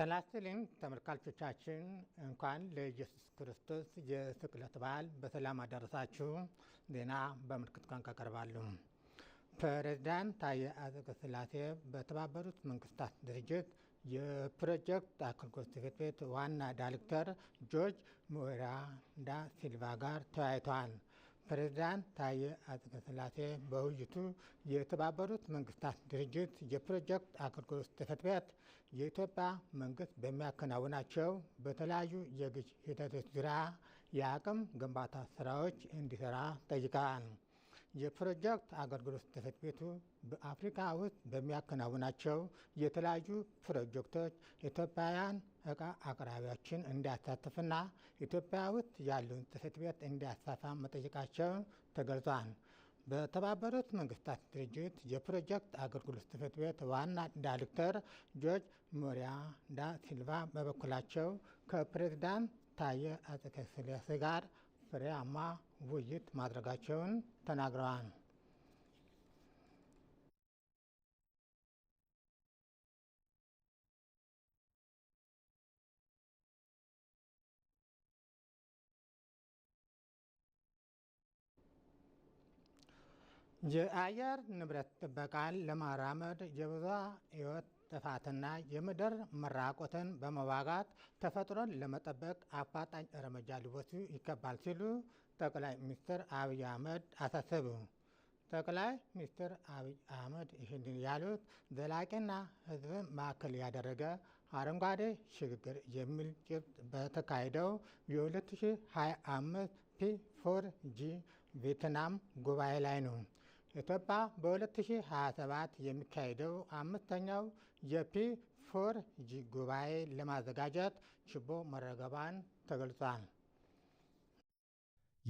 ሰላስትልን ተመልካቾቻችን እንኳን ለኢየሱስ ክርስቶስ የስቅለት በዓል በሰላም አደረሳችሁ። ዜና በምልክት ቋንቋ ቀርባሉ። ፕሬዝዳንት ታዬ ሥላሴ በተባበሩት መንግስታት ድርጅት የፕሮጀክት አገልግሎት ጽሕፈት ቤት ዋና ዳይሬክተር ጆርጅ ሞሬራ ሲልቫ ጋር ተወያይተዋል። ታየ ታዬ ስላሴ በውይይቱ የተባበሩት መንግስታት ድርጅት የፕሮጀክት አገልግሎት ጽሕፈት ቤት የኢትዮጵያ መንግስት በሚያከናውናቸው በተለያዩ የግዥ ሂደቶች ዙሪያ የአቅም ግንባታ ስራዎች እንዲሰራ ጠይቃል። የፕሮጀክት አገልግሎት ጽሕፈት ቤቱ በአፍሪካ ውስጥ በሚያከናውናቸው የተለያዩ ፕሮጀክቶች ኢትዮጵያውያን እቃ አቅራቢዎችን እንዲያሳትፍና ኢትዮጵያ ውስጥ ያለውን ጽሕፈት ቤት እንዲያሳፋ መጠየቃቸው ተገልጿል። በተባበሩት መንግስታት ድርጅት የፕሮጀክት አገልግሎት ጽሕፈት ቤት ዋና ዳይሬክተር ጆርጅ ሞሪያ ዳ ሲልቫ በበኩላቸው ከፕሬዝዳንት ታየ አጽቀሥላሴ ጋር ፍሬያማ ውይይት ማድረጋቸውን ተናግረዋል። የአየር ንብረት ጥበቃን ለማራመድ የብዙ ሕይወት ጥፋትና የምድር መራቆትን በመዋጋት ተፈጥሮን ለመጠበቅ አፋጣኝ እርምጃ ሊወስዱ ይገባል ሲሉ ጠቅላይ ሚኒስትር አብይ አህመድ አሳሰቡ። ጠቅላይ ሚኒስትር አብይ አህመድ ይህንን ያሉት ዘላቂና ሕዝብን ማዕከል ያደረገ አረንጓዴ ሽግግር የሚል ጭብጥ በተካሄደው የ2025 ፒ 4 ጂ ቬትናም ጉባኤ ላይ ነው። ኢትዮጵያ በ2027 የሚካሄደው አምስተኛው የፒ ፎር ጂ ጉባኤ ለማዘጋጀት ችቦ መረገቧን ተገልጿል።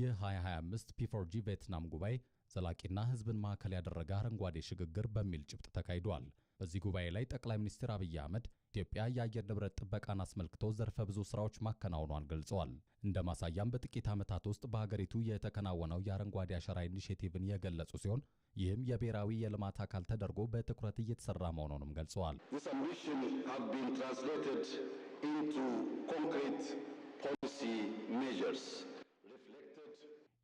የ2025 ፒ4ጂ ቬትናም ጉባኤ ዘላቂና ሕዝብን ማዕከል ያደረገ አረንጓዴ ሽግግር በሚል ጭብጥ ተካሂዷል። በዚህ ጉባኤ ላይ ጠቅላይ ሚኒስትር አብይ አህመድ ኢትዮጵያ የአየር ንብረት ጥበቃን አስመልክቶ ዘርፈ ብዙ ስራዎች ማከናወኗን ገልጸዋል። እንደ ማሳያም በጥቂት ዓመታት ውስጥ በሀገሪቱ የተከናወነው የአረንጓዴ አሻራ ኢኒሽቲቭን የገለጹ ሲሆን ይህም የብሔራዊ የልማት አካል ተደርጎ በትኩረት እየተሰራ መሆኑንም ገልጸዋል።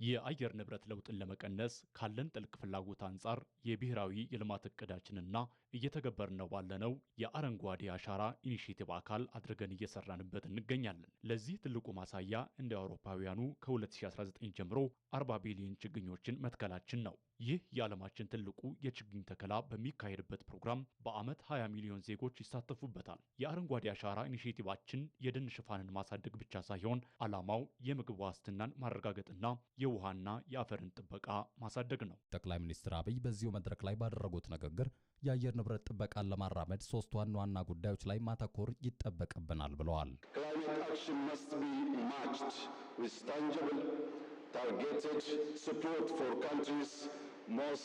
የአየር ንብረት ለውጥን ለመቀነስ ካለን ጥልቅ ፍላጎት አንጻር የብሔራዊ የልማት እቅዳችንና እየተገበርን ነው ባለነው የአረንጓዴ አሻራ ኢኒሽቲቭ አካል አድርገን እየሰራንበት እንገኛለን። ለዚህ ትልቁ ማሳያ እንደ አውሮፓውያኑ ከ2019 ጀምሮ 40 ቢሊዮን ችግኞችን መትከላችን ነው። ይህ የዓለማችን ትልቁ የችግኝ ተከላ በሚካሄድበት ፕሮግራም በዓመት 20 ሚሊዮን ዜጎች ይሳተፉበታል። የአረንጓዴ አሻራ ኢኒሽቲቫችን የደን ሽፋንን ማሳደግ ብቻ ሳይሆን ዓላማው የምግብ ዋስትናን ማረጋገጥና የውሃና የአፈርን ጥበቃ ማሳደግ ነው። ጠቅላይ ሚኒስትር አብይ በዚሁ መድረክ ላይ ባደረጉት ንግግር የአየር ንብረት ጥበቃን ለማራመድ ሶስት ዋና ዋና ጉዳዮች ላይ ማተኮር ይጠበቅብናል ብለዋል። ታርጌትድ ሰፖርት ፎር ካንትሪስ most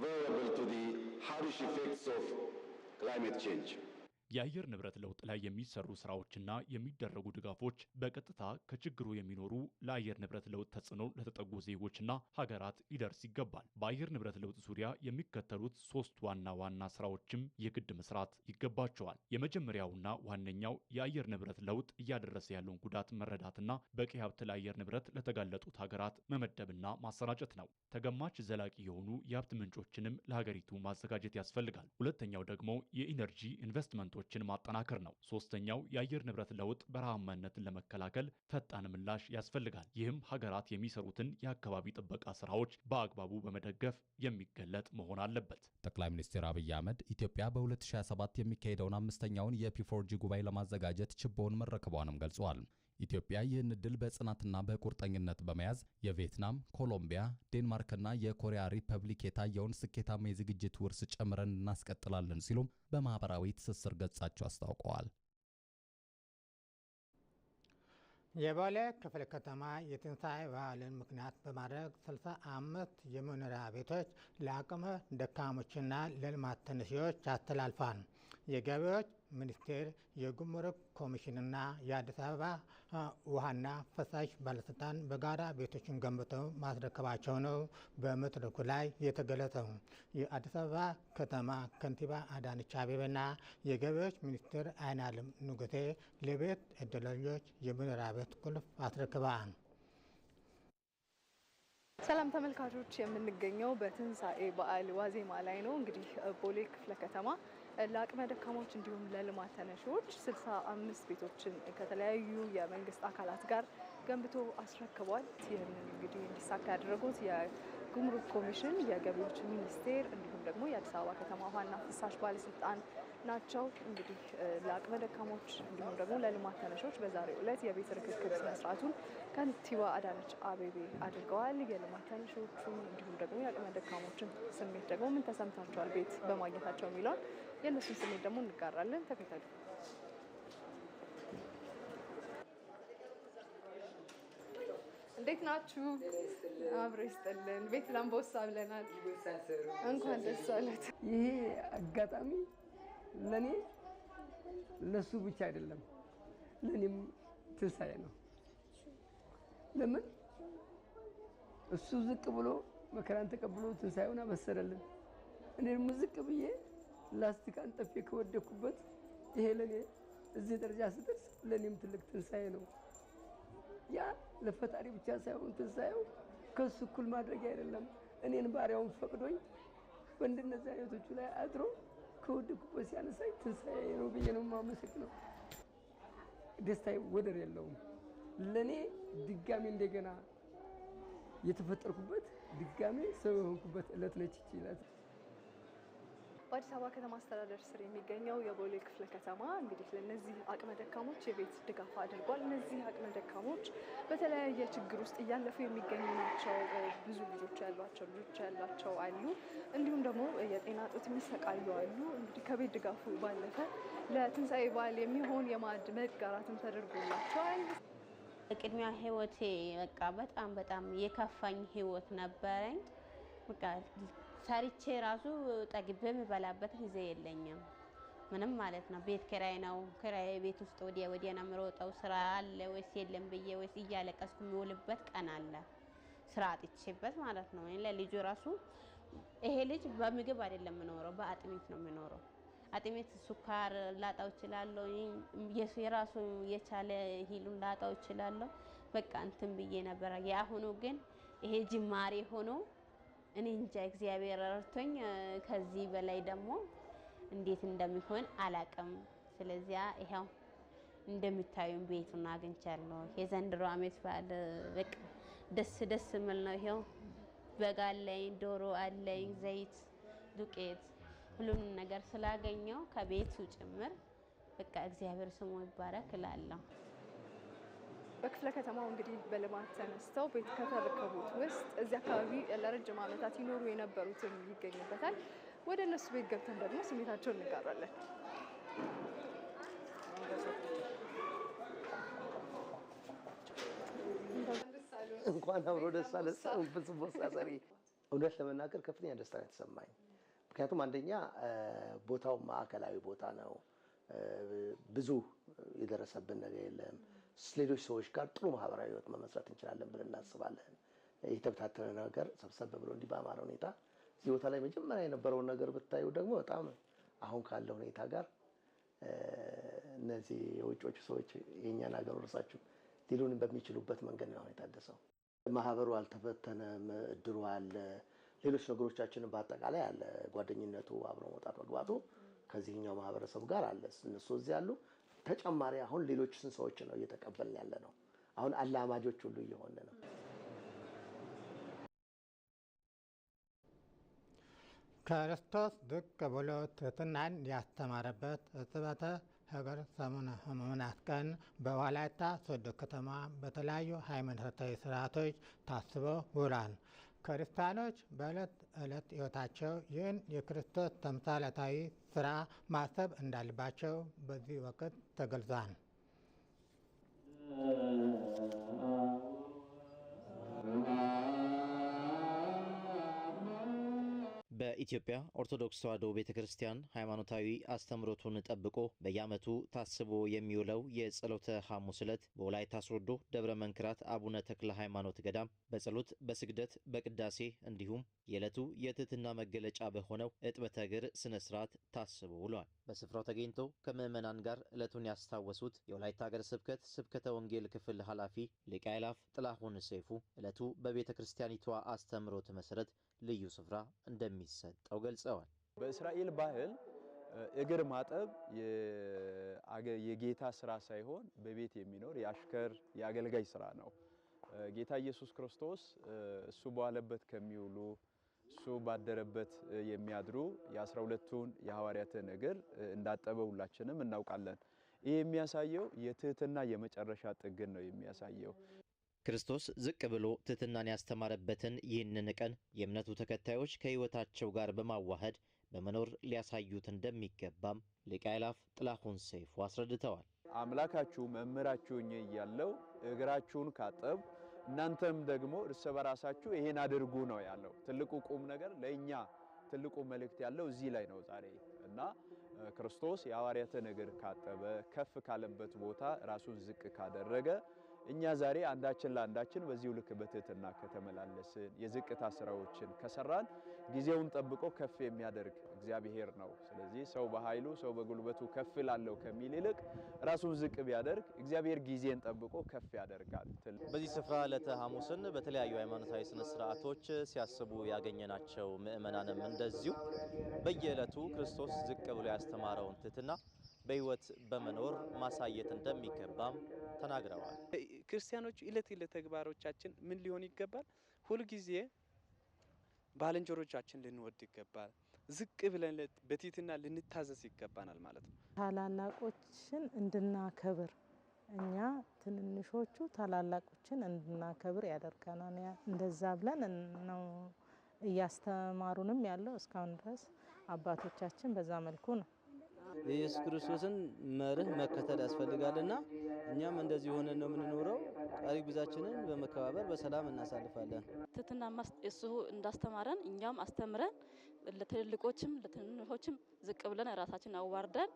vulnerable to the harsh effects of climate change. የአየር ንብረት ለውጥ ላይ የሚሰሩ ስራዎችና የሚደረጉ ድጋፎች በቀጥታ ከችግሩ የሚኖሩ ለአየር ንብረት ለውጥ ተጽዕኖ ለተጠጉ ዜጎችና ሀገራት ሊደርስ ይገባል። በአየር ንብረት ለውጥ ዙሪያ የሚከተሉት ሶስት ዋና ዋና ስራዎችም የግድ መስራት ይገባቸዋል። የመጀመሪያውና ዋነኛው የአየር ንብረት ለውጥ እያደረሰ ያለውን ጉዳት መረዳትና በቂ ሀብት ለአየር ንብረት ለተጋለጡት ሀገራት መመደብና ማሰራጨት ነው። ተገማች ዘላቂ የሆኑ የሀብት ምንጮችንም ለሀገሪቱ ማዘጋጀት ያስፈልጋል። ሁለተኛው ደግሞ የኢነርጂ ኢንቨስትመንቶች ጥረቶችን ማጠናከር ነው። ሶስተኛው የአየር ንብረት ለውጥ በረሃማነትን ለመከላከል ፈጣን ምላሽ ያስፈልጋል። ይህም ሀገራት የሚሰሩትን የአካባቢ ጥበቃ ስራዎች በአግባቡ በመደገፍ የሚገለጥ መሆን አለበት። ጠቅላይ ሚኒስትር አብይ አህመድ ኢትዮጵያ በ2027 የሚካሄደውን አምስተኛውን የፒ4ጂ ጉባኤ ለማዘጋጀት ችቦውን መረከቧንም ገልጸዋል። ኢትዮጵያ ይህን ዕድል በጽናትና በቁርጠኝነት በመያዝ የቪየትናም፣ ኮሎምቢያ፣ ዴንማርክና የኮሪያ ሪፐብሊክ የታየውን ስኬታማ የዝግጅት ውርስ ጨምረን እናስቀጥላለን ሲሉም በማኅበራዊ ትስስር ገጻቸው አስታውቀዋል። የቦሌ ክፍለ ከተማ የትንሣኤ በዓልን ምክንያት በማድረግ 65 የመኖሪያ ቤቶች ለአቅመ ደካሞችና ለልማት ተነሺዎች አስተላልፏል። የገቢዎች ሚኒስቴር፣ የጉምሩክ ኮሚሽንና የአዲስ አበባ ውሃና ፈሳሽ ባለስልጣን በጋራ ቤቶችን ገንብተው ማስረከባቸው ነው በመድረኩ ላይ የተገለጸው። የአዲስ አበባ ከተማ ከንቲባ አዳነች አቤቤና የገቢዎች ሚኒስትር አይናለም ንጉሴ ለቤት እድለኞች የመኖሪያ ቤት ቁልፍ አስረክበዋል። ሰላም ተመልካቾች፣ የምንገኘው በትንሣኤ በዓል ዋዜማ ላይ ነው። እንግዲህ ቦሌ ክፍለ ከተማ ለአቅመ ደካሞች እንዲሁም ለልማት ተነሺዎች 65 ቤቶችን ከተለያዩ የመንግስት አካላት ጋር ገንብቶ አስረክቧል። ይህንን እንግዲህ እንዲሳካ ያደረጉት የጉምሩክ ኮሚሽን፣ የገቢዎች ሚኒስቴር እንዲሁም ደግሞ የአዲስ አበባ ከተማ ውሃና ፍሳሽ ባለስልጣን ናቸው። እንግዲህ ለአቅመ ደካሞች እንዲሁም ደግሞ ለልማት ተነሾች በዛሬው ዕለት የቤት ርክክብ ስነስርዓቱን ከንቲባ አዳነች አቤቤ አድርገዋል። የልማት ተነሾቹን እንዲሁም ደግሞ የአቅመ ደካሞችን ስሜት ደግሞ ምን ተሰምታቸዋል ቤት በማግኘታቸው የሚለውን የእነሱን ስሜት ደግሞ እንጋራለን። ተከታተሉ። እንዴት ናችሁ? አብሮ ይስጥልን። ቤት ላምቦሳ ብለናል። እንኳን ደስ አለት። ይሄ አጋጣሚ ለእኔ ለሱ ብቻ አይደለም፣ ለእኔም ትንሳኤ ነው። ለምን እሱ ዝቅ ብሎ መከራን ተቀብሎ ትንሳኤውን አበሰረልን። እኔ ደግሞ ዝቅ ብዬ ላስቲክ አንጠፌ ከወደኩበት ይሄ ለኔ እዚህ ደረጃ ስደርስ ለእኔም ትልቅ ትንሣኤ ነው። ያ ለፈጣሪ ብቻ ሳይሆን ትንሣኤው ከሱ እኩል ማድረግ አይደለም። እኔን ባሪያውን ፈቅዶኝ በእንደነዚህ አይነቶቹ ላይ አድሮ ከወደኩበት ሲያነሳኝ ትንሣኤ ነው ብዬ ነው የማመሰግነው። ደስታዬ ወደር የለውም። ለእኔ ድጋሜ እንደገና የተፈጠርኩበት ድጋሜ ሰው የሆንኩበት ዕለት ነች ይችላል። በአዲስ አበባ ከተማ አስተዳደር ስር የሚገኘው የቦሌ ክፍለ ከተማ እንግዲህ ለእነዚህ አቅመ ደካሞች የቤት ድጋፍ አድርጓል። እነዚህ አቅመ ደካሞች በተለያየ ችግር ውስጥ እያለፉ የሚገኙ ናቸው። ብዙ ልጆች ያሏቸው ልጆች ያሏቸው አሉ፣ እንዲሁም ደግሞ የጤና እጦት የሚሰቃዩ አሉ። እንግዲህ ከቤት ድጋፉ ባለፈ ለትንሳኤ በዓል የሚሆን የማዕድ መጋራትም ተደርጎላቸዋል። ቅድሚያ ህይወቴ በቃ በጣም በጣም የከፋኝ ህይወት ነበረኝ ሰርቼ ራሱ ጠግቤ የምበላበት ጊዜ የለኝም። ምንም ማለት ነው። ቤት ኪራይ ነው። ኪራይ ቤት ውስጥ ወዲያ ወዲያ ነው የምሮጠው። ስራ አለ ወይስ የለም ብዬ ወይስ እያለቀስኩ የሚውልበት ቀን አለ። ስራ አጥቼበት ማለት ነው። ለልጁ ራሱ ይሄ ልጅ በምግብ አይደለም የምኖረው፣ በአጥሚት ነው የምኖረው። አጥሚት ሱካር ላጣው እችላለሁ። የራሱ የቻለ ሂሉን ላጣው እችላለሁ። በቃ እንትን ብዬ ነበረ። የአሁኑ ግን ይሄ ጅማሬ ሆኖ እኔ እንጃ እግዚአብሔር ረድቶኝ ከዚህ በላይ ደግሞ እንዴት እንደሚሆን አላቅም። ስለዚያ ይኸው እንደምታዩን ቤቱን አግኝቻለሁ። የዘንድሮ ዓመት በዓል በቃ ደስ ደስ የምል ነው። ይኸው በግ አለኝ፣ ዶሮ አለኝ፣ ዘይት፣ ዱቄት ሁሉም ነገር ስላገኘው ከቤቱ ጭምር በቃ እግዚአብሔር ስሙ ይባረክ እላለሁ። በክፍለ ከተማው እንግዲህ በልማት ተነስተው ቤት ከተረከቡት ውስጥ እዚህ አካባቢ ለረጅም ዓመታት ይኖሩ የነበሩትም ይገኙበታል። ወደ እነሱ ቤት ገብተን ደግሞ ስሜታቸውን እንጋራለን። እንኳን አብሮ ደስ አለሳ ሰሪ እውነት ለመናገር ከፍተኛ ደስታ ነው የተሰማኝ። ምክንያቱም አንደኛ ቦታው ማዕከላዊ ቦታ ነው። ብዙ የደረሰብን ነገር የለም። ሌሎች ሰዎች ጋር ጥሩ ማህበራዊ ህይወት መመስረት እንችላለን ብለን እናስባለን። የተበታተነ ነገር ሰብሰብ ብሎ እንዲህ በአማረ ሁኔታ እዚህ ቦታ ላይ መጀመሪያ የነበረውን ነገር ብታዩ ደግሞ በጣም አሁን ካለ ሁኔታ ጋር እነዚህ የውጮቹ ሰዎች የእኛን ሀገር ወርሳችሁ ሊሉን በሚችሉበት መንገድ ነው የታደሰው። ማህበሩ አልተበተነም፣ እድሩ አለ፣ ሌሎች ነገሮቻችንን በአጠቃላይ አለ። ጓደኝነቱ፣ አብሮ መውጣት መግባቱ ከዚህኛው ማህበረሰብ ጋር አለ። እነሱ እዚህ አሉ፣ ተጨማሪ አሁን ሌሎች ሰዎች ነው እየተቀበልን ያለ ነው። አሁን አላማጆች ሁሉ እየሆነ ነው። ክርስቶስ ዝቅ ብሎ ትህትናን ያስተማረበት እጽበተ ሀገር ሰሙነ ሕማማት ቀን በወላይታ ሶዶ ከተማ በተለያዩ ሃይማኖታዊ ስርዓቶች ታስቦ ውሏል። ክርስቲያኖች በዕለት ዕለት ሕይወታቸው ይህን የክርስቶስ ተምሳሌታዊ ስራ ማሰብ እንዳለባቸው በዚህ ወቅት ተገልጿል። የኢትዮጵያ ኦርቶዶክስ ተዋሕዶ ቤተ ክርስቲያን ሃይማኖታዊ አስተምሮቱን ጠብቆ በየዓመቱ ታስቦ የሚውለው የጸሎተ ሐሙስ ዕለት በወላይታ ሶዶ ደብረ መንክራት አቡነ ተክለ ሃይማኖት ገዳም በጸሎት በስግደት፣ በቅዳሴ እንዲሁም የዕለቱ የትህትና መገለጫ በሆነው እጥበተ እግር ስነ ስርዓት ታስቦ ውሏል። በስፍራው ተገኝቶ ከምዕመናን ጋር ዕለቱን ያስታወሱት የወላይታ ሀገር ስብከት ስብከተ ወንጌል ክፍል ኃላፊ ሊቀ አእላፍ ጥላሁን ሰይፉ ዕለቱ በቤተ ክርስቲያኒቷ አስተምሮት መሠረት ልዩ ስፍራ እንደሚሰጠው ገልጸዋል። በእስራኤል ባህል እግር ማጠብ የጌታ ስራ ሳይሆን በቤት የሚኖር የአሽከር የአገልጋይ ስራ ነው። ጌታ ኢየሱስ ክርስቶስ እሱ በዋለበት ከሚውሉ እሱ ባደረበት የሚያድሩ የአስራ ሁለቱን የሐዋርያትን እግር እንዳጠበ ሁላችንም እናውቃለን። ይህ የሚያሳየው የትህትና የመጨረሻ ጥግን ነው የሚያሳየው። ክርስቶስ ዝቅ ብሎ ትሕትናን ያስተማረበትን ይህንን ቀን የእምነቱ ተከታዮች ከሕይወታቸው ጋር በማዋሃድ በመኖር ሊያሳዩት እንደሚገባም ሊቀ አእላፍ ጥላሁን ሰይፉ አስረድተዋል። አምላካችሁ መምህራችሁ እኔ እያለው እግራችሁን ካጠብ እናንተም ደግሞ እርስ በራሳችሁ ይሄን አድርጉ ነው ያለው። ትልቁ ቁም ነገር ለእኛ ትልቁ መልእክት ያለው እዚህ ላይ ነው ዛሬ እና ክርስቶስ የሐዋርያትን እግር ካጠበ ከፍ ካለበት ቦታ ራሱን ዝቅ ካደረገ እኛ ዛሬ አንዳችን ለአንዳችን በዚሁ ልክ በትህትና ከተመላለስን የዝቅታ ስራዎችን ከሰራን ጊዜውን ጠብቆ ከፍ የሚያደርግ እግዚአብሔር ነው። ስለዚህ ሰው በኃይሉ ሰው በጉልበቱ ከፍ ላለው ከሚል ይልቅ ራሱን ዝቅ ቢያደርግ እግዚአብሔር ጊዜን ጠብቆ ከፍ ያደርጋል። በዚህ ስፍራ ዕለተ ሐሙስን በተለያዩ ሃይማኖታዊ ስነ ስርዓቶች ሲያስቡ ያገኘናቸው ምእመናንም እንደዚሁ በየዕለቱ ክርስቶስ ዝቅ ብሎ ያስተማረውን ትህትና በህይወት በመኖር ማሳየት እንደሚገባም ተናግረዋል። ክርስቲያኖቹ እለት እለት ተግባሮቻችን ምን ሊሆን ይገባል? ሁልጊዜ ባልንጀሮቻችን ልንወድ ይገባል። ዝቅ ብለን በትህትና ልንታዘዝ ይገባናል ማለት ነው። ታላላቆችን እንድናከብር እኛ ትንንሾቹ ታላላቆችን እንድናከብር ያደርገናል። እንደዛ ብለን ነው እያስተማሩንም ያለው እስካሁን ድረስ አባቶቻችን በዛ መልኩ ነው። የኢየሱስ ክርስቶስን መርህ መከተል ያስፈልጋልና እኛም እንደዚህ ሆነን ነው የምንኖረው። ቀሪ ጉዛችንን በመከባበር በሰላም እናሳልፋለን። ትትና እሱ እንዳስተማረን እኛም አስተምረን ለትልልቆችም ለትንንሾችም ዝቅ ብለን ራሳችን አዋርደን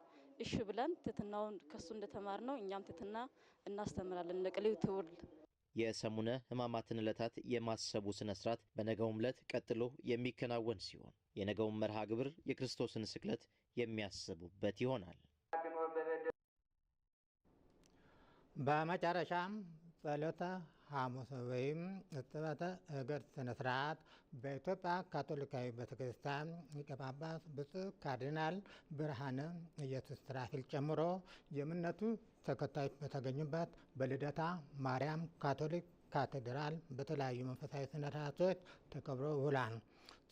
እሺ ብለን ትትናውን ከሱ እንደተማር ነው እኛም ትትና እናስተምራለን ለቀሪው ትውልድ። የሰሙነ ሕማማትን ዕለታት የማሰቡ ስነ ስርዓት በነገውም ዕለት ቀጥሎ የሚከናወን ሲሆን የነገውም መርሃ ግብር የክርስቶስን ስቅለት የሚያስቡበት ይሆናል። በመጨረሻም ጸሎተ ሐሙስ ወይም እጥበተ እግር ስነ ስርዓት በኢትዮጵያ ካቶሊካዊ ቤተ ክርስቲያን ሊቀ ጳጳስ ብፁዕ ካርዲናል ብርሃነ ኢየሱስ ራፊል ጨምሮ የእምነቱ ተከታዮች በተገኙበት በልደታ ማርያም ካቶሊክ ካቴድራል በተለያዩ መንፈሳዊ ስነስርዓቶች ተከብሮ ውሏል።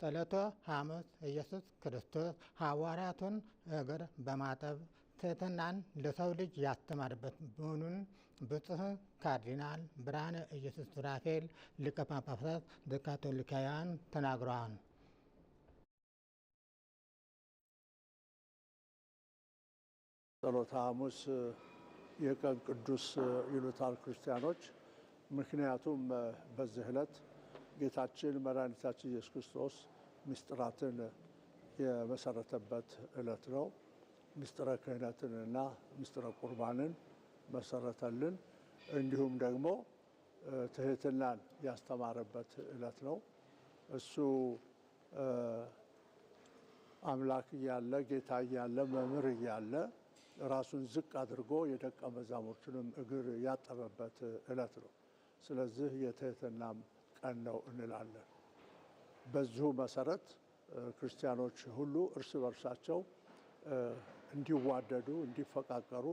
ጸሎተ ሐሙስ ኢየሱስ ክርስቶስ ሐዋርያቱን እግር በማጠብ ትህትናን ለሰው ልጅ ያስተማርበት መሆኑን ብፁዕ ካርዲናል ብርሃነ ኢየሱስ ሱራፌል ሊቀ ጳጳሳት ዘካቶሊካውያን ተናግረዋል። ጸሎተ ሐሙስ የቀን ቅዱስ ይሉታል ክርስቲያኖች። ምክንያቱም በዚህ ዕለት ጌታችን መድኃኒታችን ኢየሱስ ክርስቶስ ምስጢራትን የመሰረተበት ዕለት ነው። ምስጢረ ክህነትንና ምስጢረ ቁርባንን መሰረተልን። እንዲሁም ደግሞ ትህትናን ያስተማረበት ዕለት ነው። እሱ አምላክ እያለ ጌታ እያለ መምህር እያለ ራሱን ዝቅ አድርጎ የደቀ መዛሙርቱንም እግር ያጠበበት ዕለት ነው። ስለዚህ የትህትናም ቀን ነው እንላለን። በዚሁ መሰረት ክርስቲያኖች ሁሉ እርስ በርሳቸው እንዲዋደዱ፣ እንዲፈቃቀሩ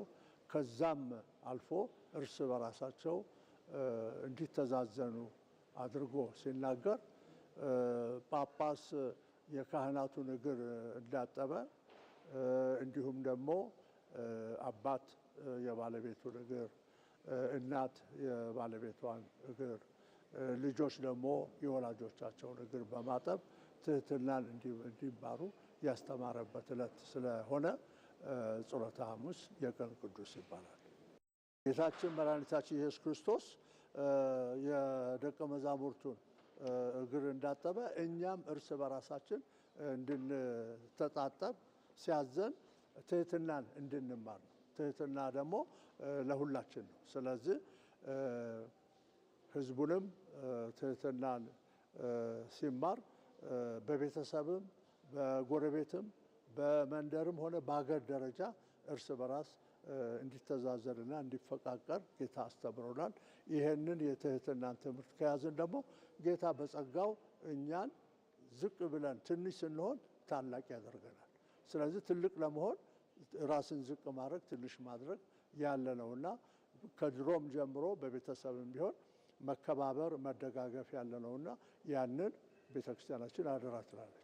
ከዛም አልፎ እርስ በራሳቸው እንዲተዛዘኑ አድርጎ ሲናገር ጳጳስ የካህናቱን እግር እንዳጠበ እንዲሁም ደግሞ አባት የባለቤቱን እግር እናት የባለቤቷን እግር፣ ልጆች ደግሞ የወላጆቻቸውን እግር በማጠብ ትህትናን እንዲማሩ ያስተማረበት ዕለት ስለሆነ ጸሎተ ሐሙስ የቀን ቅዱስ ይባላል። ጌታችን መድኃኒታችን ኢየሱስ ክርስቶስ የደቀ መዛሙርቱን እግር እንዳጠበ እኛም እርስ በራሳችን እንድንተጣጠብ ሲያዘን ትህትናን እንድንማር ትህትና ደግሞ ለሁላችን ነው። ስለዚህ ህዝቡንም ትህትናን ሲማር በቤተሰብም በጎረቤትም በመንደርም ሆነ በሀገር ደረጃ እርስ በራስ እንዲተዛዘርና እንዲፈቃቀር ጌታ አስተምሮናል። ይህንን የትህትናን ትምህርት ከያዝን ደግሞ ጌታ በጸጋው እኛን ዝቅ ብለን ትንሽ ስንሆን ታላቅ ያደርገናል። ስለዚህ ትልቅ ለመሆን ራስን ዝቅ ማድረግ ትንሽ ማድረግ ያለ ነው እና ከድሮም ጀምሮ በቤተሰብም ቢሆን መከባበር፣ መደጋገፍ ያለ ነው እና ያንን ቤተ ክርስቲያናችን አደራ ትላለች።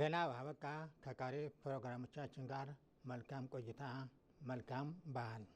ገና ባበቃ ከቀሪ ፕሮግራሞቻችን ጋር መልካም ቆይታ፣ መልካም ባህል።